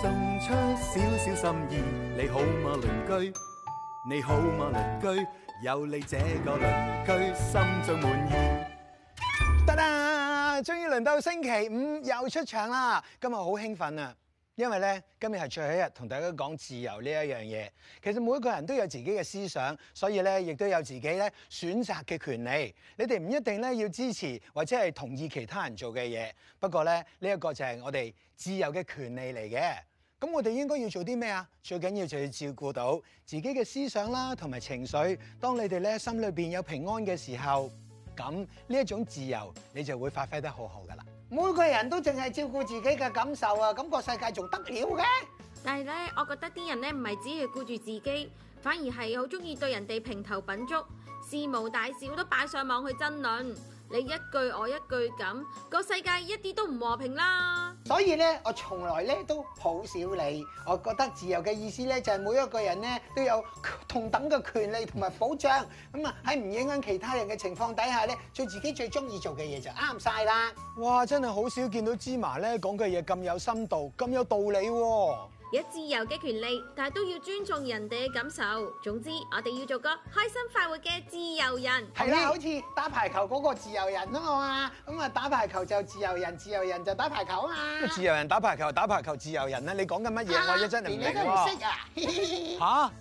送出少少心意，你好嗎鄰居？你好嗎鄰居？有你這個鄰居，心中滿意。得啦，終於輪到星期五又出場啦！今日好興奮啊，因為呢，今日係最後一日同大家講自由呢一樣嘢。其實每一個人都有自己嘅思想，所以呢，亦都有自己呢選擇嘅權利。你哋唔一定呢要支持或者係同意其他人做嘅嘢，不過呢，呢一個就係我哋自由嘅權利嚟嘅。咁我哋應該要做啲咩啊？最緊要就要照顧到自己嘅思想啦，同埋情緒。當你哋咧心裏邊有平安嘅時候，咁呢一種自由你就會發揮得好好噶啦。每個人都淨係照顧自己嘅感受啊，咁個世界仲得了嘅。但係咧，我覺得啲人咧唔係只係顧住自己，反而係好中意對人哋評頭品足，事無大小都擺上網去爭論，你一句我一句咁，個世界一啲都唔和平啦。所以咧，我從來咧都好少理。我覺得自由嘅意思咧，就係每一個人咧都有同等嘅權利同埋保障。咁啊，喺唔影響其他人嘅情況底下咧，做自己最中意做嘅嘢就啱晒啦。哇！真係好少見到芝麻咧講嘅嘢咁有深度、咁有道理喎。有自由嘅權利，但係都要尊重人哋嘅感受。總之，我哋要做個開心快活嘅自由人。係啦，好似打排球嗰個自由人啊嘛。咁啊，打排球就自由人，自由人就打排球啊嘛。自由人打排球，打排球自由人啦。你講緊乜嘢，我一真係唔識啊。吓？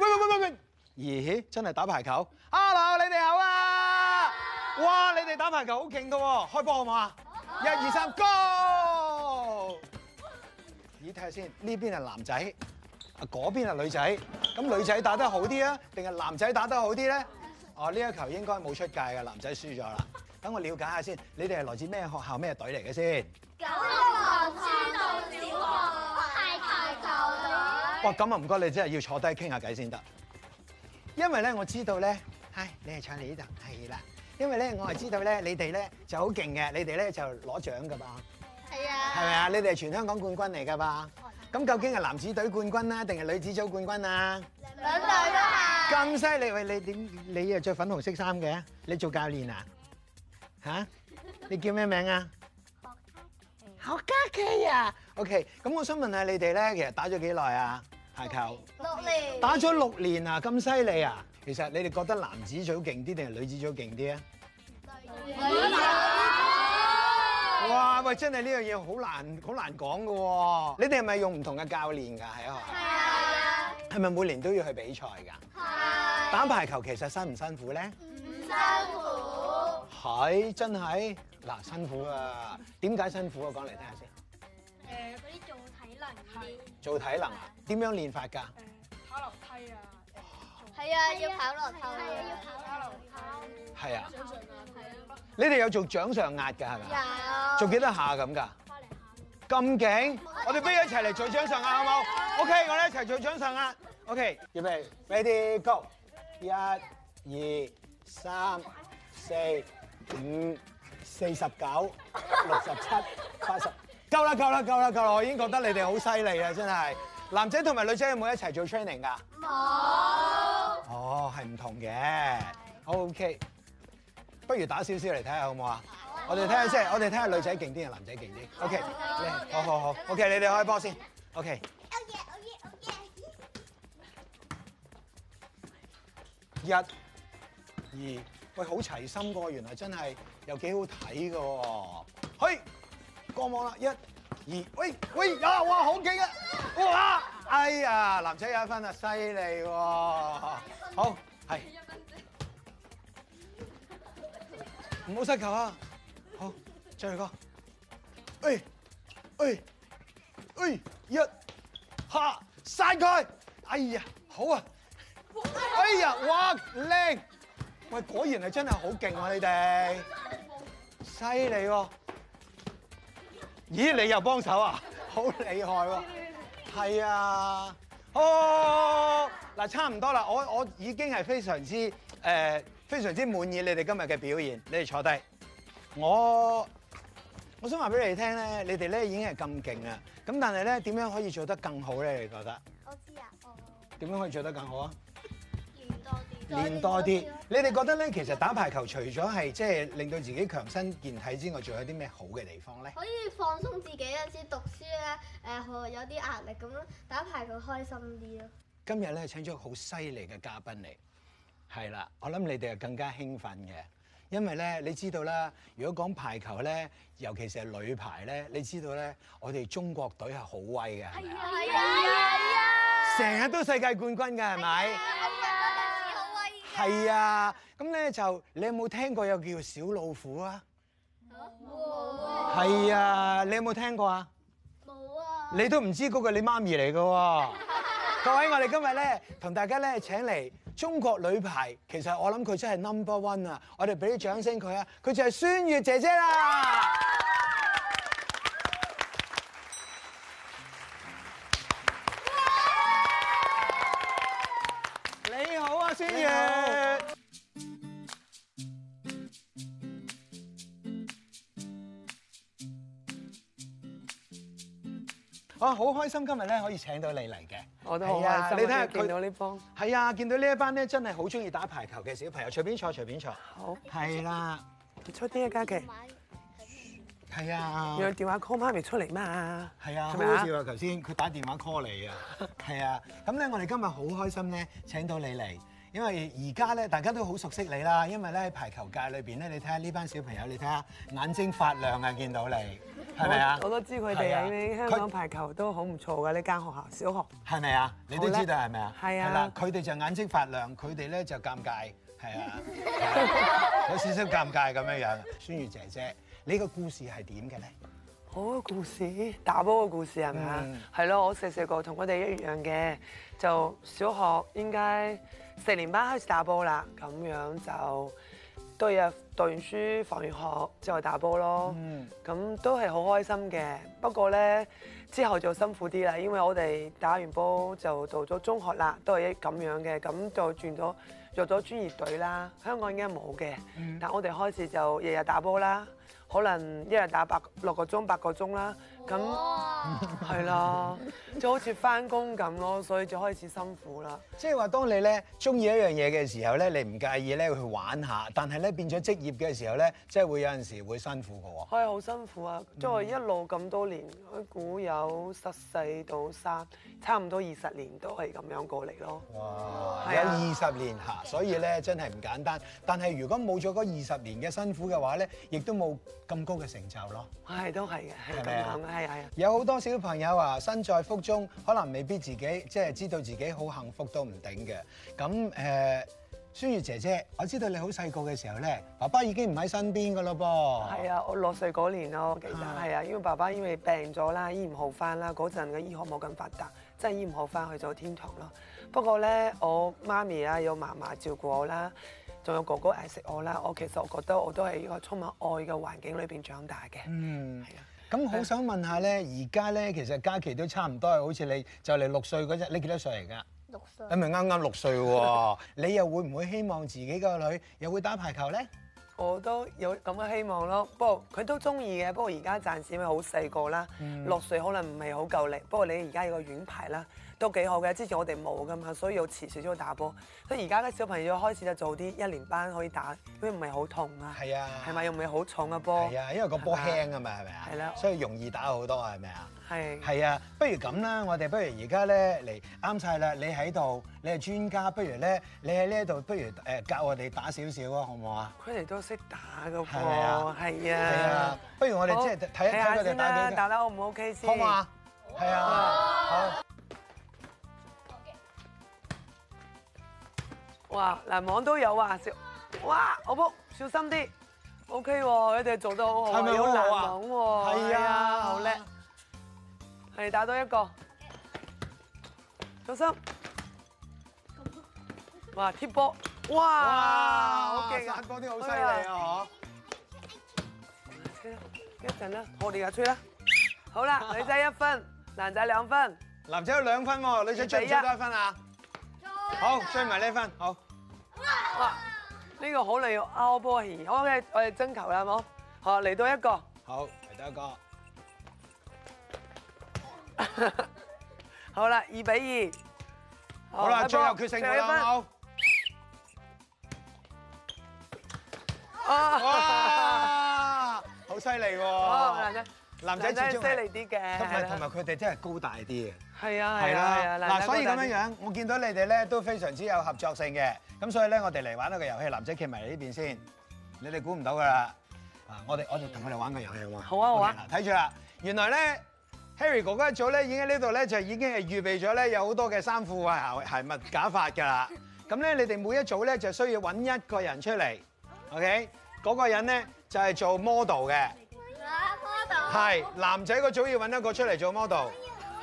喂喂喂喂喂！咦？真係打排球？Hello，你哋好啊！Oh. 哇！你哋打排球好勁噶喎，開波啊，一二三，Go！你睇下先看看，呢邊係男仔，啊嗰邊係女仔，咁女仔打得好啲啊，定係男仔打得好啲咧？哦、 啊，呢一球應該冇出界嘅，男仔輸咗啦。等 我了解下先，你哋係來自咩學校咩隊嚟嘅先？九龍黃道路小學排球隊。哇、啊，咁啊唔該，你真係要坐低傾下偈先得，因為咧我知道咧，唉，你係搶嚟呢度，係啦，因為咧我係知道咧你哋咧就好勁嘅，你哋咧就攞獎噶嘛。係咪啊？你哋係全香港冠軍嚟噶吧？咁究竟係男子隊冠軍咧，定係女子組冠軍啊？兩隊都係。咁犀利喂！你點？你又着粉紅色衫嘅，你做教練啊？吓？你叫咩名啊？何家琪。何家琪啊？OK。咁我想問下你哋咧，其實打咗幾耐啊？排球。六年。打咗六年啊？咁犀利啊！其實你哋覺得男子組勁啲，定係女子組勁啲啊？哇喂，真係呢樣嘢好難，好難講㗎喎！你哋係咪用唔同嘅教練㗎喺學校？係啊。係咪每年都要去比賽㗎？係、啊。打排球其實辛唔辛苦咧？唔辛苦。係真係嗱，辛苦啊！點 解辛苦啊？講嚟聽下先。誒、呃，嗰啲做體能做體能？啊，點樣練法㗎？跑、呃、樓梯啊。係啊，啊，要跑樓梯、啊。係啊，你哋有做掌上壓㗎係咪？有，做幾多下咁噶？花零下，咁勁！我哋不如一齊嚟做掌上壓，好冇？OK，我哋一齊做掌上壓。OK，預備，Ready，Go！一、二、三、四、五、四十九、六十七、八十，夠啦，夠啦，夠啦，夠啦！我已經覺得你哋好犀利喇，真係。男仔同埋女仔有冇一齊做 training 噶？冇。哦，係唔同嘅。O、okay. K，不如打少少嚟睇下好唔好啊？我哋睇下先，我哋睇下女仔勁啲定男仔勁啲？O K，好、啊、好好，O K，你哋開波先，O K。一、二，喂，好齊心個喎原來真係又幾好睇噶。嘿，過網啦，一、二，喂喂，啊，哇，好勁啊，哇，哎呀，男仔有一分啊，犀利喎，好係、啊。好是是唔好失球啊！好，再嚟個，哎，哎，哎，一吓，晒佢！哎呀，好啊！哎呀，哇，靚！喂，果然係真係好勁喎，你哋，犀利喎！咦，你又幫手啊？好厲害喎！係啊，哦、啊，嗱、啊，差唔多啦，我我已經係非常之誒。呃非常之滿意你哋今日嘅表現，你哋坐低。我我想話俾你哋聽咧，你哋咧已經係咁勁啊！咁但係咧點樣可以做得更好咧？你覺得？我知啊，我點樣可以做得更好啊？練多啲。練多啲。你哋覺得咧，其實打排球除咗係即係令到自己強身健體之外，仲有啲咩好嘅地方咧？可以放鬆自己啊！有時讀書咧，誒，有啲壓力咁樣，打排球開心啲咯。今日咧請咗個好犀利嘅嘉賓嚟。係啦，我諗你哋係更加興奮嘅，因為咧，你知道啦，如果講排球咧，尤其是係女排咧，你知道咧，我哋中國隊係好威嘅，係咪？係啊！成日、啊啊啊啊、都世界冠軍㗎，係咪？係啊！好威！係啊，咁咧、啊啊、就你有冇聽過有叫小老虎啊？老虎！係啊，你有冇聽過啊？冇啊！你都唔知嗰、嗰個你媽咪嚟㗎喎！ 各位，我哋今日咧同大家咧請嚟。中國女排其實我諗佢真係 number one 啊！我哋俾啲掌聲佢啊！佢就係孫悦姐姐啦！你好啊，孫悦。我好，好開心今日咧可以請到你嚟嘅。我都好開心，係啊，你睇下，見到呢幫。係啊，見到呢一班咧，真係好中意打排球嘅小朋友，隨便坐，隨便坐。好。係啦。出啲一家嘅，係啊。你去、啊、電話 call 媽咪出嚟嘛？係啊，啊，好搞笑啊！頭先佢打電話 call 你係啊。係啊，咁咧，我哋今日好開心咧，請到你嚟，因為而家咧，大家都好熟悉你啦，因為咧，排球界裏邊咧，你睇下呢班小朋友，你睇下眼睛發亮啊，見到你。係咪啊？我都知佢哋喺香港排球都好唔錯㗎呢間學校小學。係咪啊？你都知道係咪啊？係啊！佢哋就眼睛發亮，佢哋咧就尷尬，係啊，啊 有少少尷尬咁樣樣。孫悦姐姐，你個故事係點嘅咧？我個故事，打波嘅故事係咪、嗯、啊？係咯，我細細個同佢哋一樣嘅，就小學應該四年班開始打波啦，咁樣就。都日讀完書，放完學之後打波咯，咁都係好開心嘅。不過呢，之後就辛苦啲啦，因為我哋打完波就到咗中學啦，都係咁樣嘅。咁就轉咗入咗專業隊啦。香港應該冇嘅，嗯、但我哋開始就日日打波啦，可能一日打八六個鐘，八個鐘啦。咁係啦，就好似翻工咁咯，所以就開始辛苦啦。即係話，當你咧中意一樣嘢嘅時候咧，你唔介意咧去玩下，但係咧變咗職業嘅時候咧，即係會有陣時會辛苦嘅喎。係好辛苦啊！即係一路咁多年，我、嗯、估有十四到三，差唔多二十年都係咁樣過嚟咯。哇！有二十年嚇，所以咧真係唔簡單。但係如果冇咗嗰二十年嘅辛苦嘅話咧，亦都冇咁高嘅成就咯。係都係嘅，係咪咁嘅？有好多小朋友啊，身在福中，可能未必自己即係知道自己好幸福都唔定嘅。咁誒、呃，孫悦姐姐，我知道你好細個嘅時候呢，爸爸已經唔喺身邊噶咯噃。係啊，我六歲嗰年咯，其實係啊，因為爸爸因為病咗啦，醫唔好翻啦，嗰陣嘅醫學冇咁發達，真係醫唔好翻去咗天堂咯。不過呢，我媽咪啊，有嫲嫲照顧我啦，仲有哥哥愛錫我啦，我其實我覺得我都係一個充滿愛嘅環境裏邊長大嘅。嗯，係啊。咁好想問下咧，而家咧其實假期都差唔多，好似你就嚟六歲嗰陣，你幾多歲嚟噶？六歲。咁咪啱啱六歲喎， 你又會唔會希望自己個女又會打排球咧？我都有咁嘅希望咯，不過佢都中意嘅，不過而家暫時咪好細個啦，六歲可能唔係好夠力，不過你而家有個軟排啦。都幾好嘅，之前我哋冇噶嘛，所以要遲少少打波。所以而家咧小朋友開始就做啲一年班可以打，佢唔係好痛啊。係啊，係咪又唔係好重嘅波？係啊，因為個波、啊啊、輕啊嘛，係咪啊？係咯。所以容易打好多是不是啊，係咪啊？係。係啊，啊、不如咁啦，我哋不如而家咧嚟啱晒啦，你喺度，你係專家，不如咧你喺呢度，不如誒教我哋打少少啊，好唔好啊？佢哋都識打嘅噃，係啊。係啊，啊，啊，啊，啊，不如我哋即係睇一睇佢哋打下、啊、打得 O 唔 O K 先？好唔好啊？係啊。好。哇！難網都有啊，哇！阿僕小心啲，OK 喎，你哋做得好好，係咪好難啊？係啊，好叻，係打多一個，小心！哇，貼波，哇，好勁啊！殺嗰啲好犀利啊，嗬！一陣啦，拖你下吹啦，好啦，女仔一分，男仔兩分，男仔有兩分喎，女仔最多一分啊！好追埋呢分，好哇！呢、啊這個好嚟拗波戲，OK，我哋爭球啦，好，好嚟到一個，好嚟到一個， 好啦，二比二，好啦，最後決勝啦，好啊，哇，啊啊、好犀利喎！好男仔即係犀利啲嘅，同埋同埋佢哋真係高大啲嘅。係啊，係啦，嗱，所以咁樣樣，我見到你哋咧都非常之有合作性嘅。咁所以咧，我哋嚟玩一個遊戲，男仔企埋嚟呢邊先。你哋估唔到噶啦，啊，我哋我哋同佢哋玩個遊戲啊嘛。好啊，好啊。嗱，睇住啦。原來咧，Harry 哥哥一組咧已經喺呢度咧就已經係預備咗咧有好多嘅衫褲啊，鞋襪假髮噶啦。咁咧，你哋每一組咧就需要揾一個人出嚟。OK，嗰個人咧就係做 model 嘅。係男仔嗰組要揾一個出嚟做 model，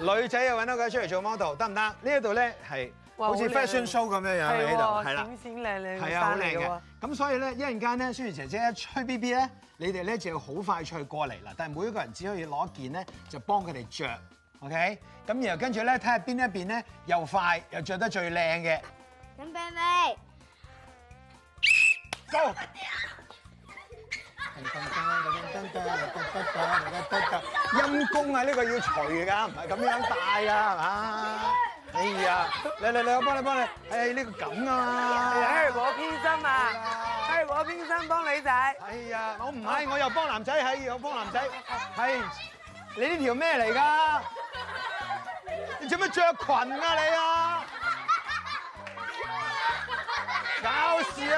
女仔又揾一個出嚟做 model，得唔得？呢一度咧係好似 fashion show 咁樣樣喺度，係啦，閃閃靚靚，係啊，好靚嘅。咁所以咧，一陣間咧，雖然姐姐一吹 B B 咧，你哋咧就要好快脆過嚟啦。但係每一個人只可以攞件咧，就幫佢哋着 OK 咁，然後跟住咧，睇下邊一邊咧又快又着得最靚嘅。準備 Go 走！陰公啊！呢個要除㗎，唔係咁樣戴㗎，係嘛？哎呀，嚟嚟嚟，我幫你幫你！哎，呢個咁啊！哎，我偏心啊！哎，我偏心幫女仔。哎呀，我唔係，我又幫男仔，係我幫男仔。係你呢條咩嚟㗎？你做咩著裙啊你啊？搞事啊！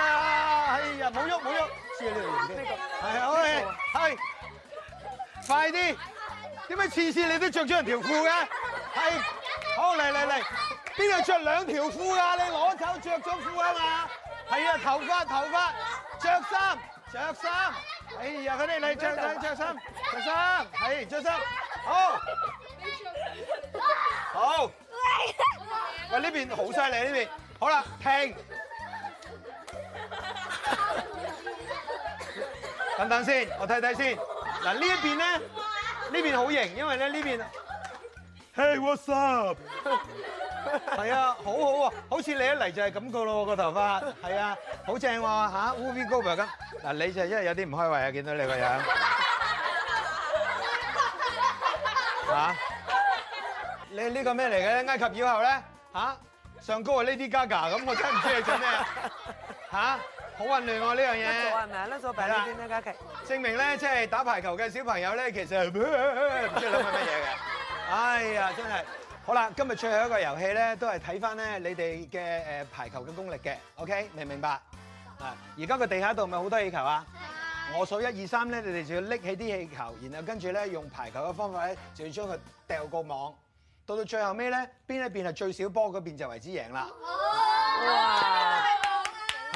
哎呀，冇喐冇喐。係啊，好嚟，係，快啲！點解次次你都著咗人條褲嘅？係，好嚟嚟嚟，邊度著兩條褲㗎？你攞走著咗褲啊嘛？係啊，頭髮頭髮，著衫著衫，哎呀，佢哋嚟著著著衫，著衫，係著衫，好，好，喂，呢邊好犀利呢邊，好啦，停。等等先，我睇睇先。嗱呢一邊咧，呢邊好型，因為咧呢邊。Hey, what's up？係啊，好好喎，好似你一嚟就係咁噶咯喎，個頭髮。係啊，好正喎嚇。UmiGober 咁，嗱你就因為有啲唔開胃啊，見到你個樣。嚇？你呢個咩嚟嘅咧？埃及妖后咧？嚇？上高係 Lady Gaga 咁，我真係唔知你做咩？嚇？好混亂喎呢樣嘢，係咪啊？撚數排球先啦，嘉琪。證明咧，即係打排球嘅小朋友咧，其實唔知諗緊乜嘢嘅。哎呀，真係。好啦，今日最後一個遊戲咧，都係睇翻咧你哋嘅誒排球嘅功力嘅。OK，明唔明白？啊，而家個地下度咪好多氣球啊！我數一二三咧，你哋就要拎起啲氣球，然後跟住咧用排球嘅方法咧，就要將佢掉過網。到到最後尾咧，邊一邊係最少波嗰邊就為之贏啦。好。哇！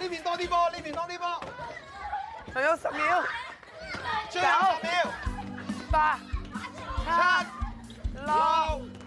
呢邊多啲波，呢邊多啲波，仲有十秒，最後十秒，八、七、七、六。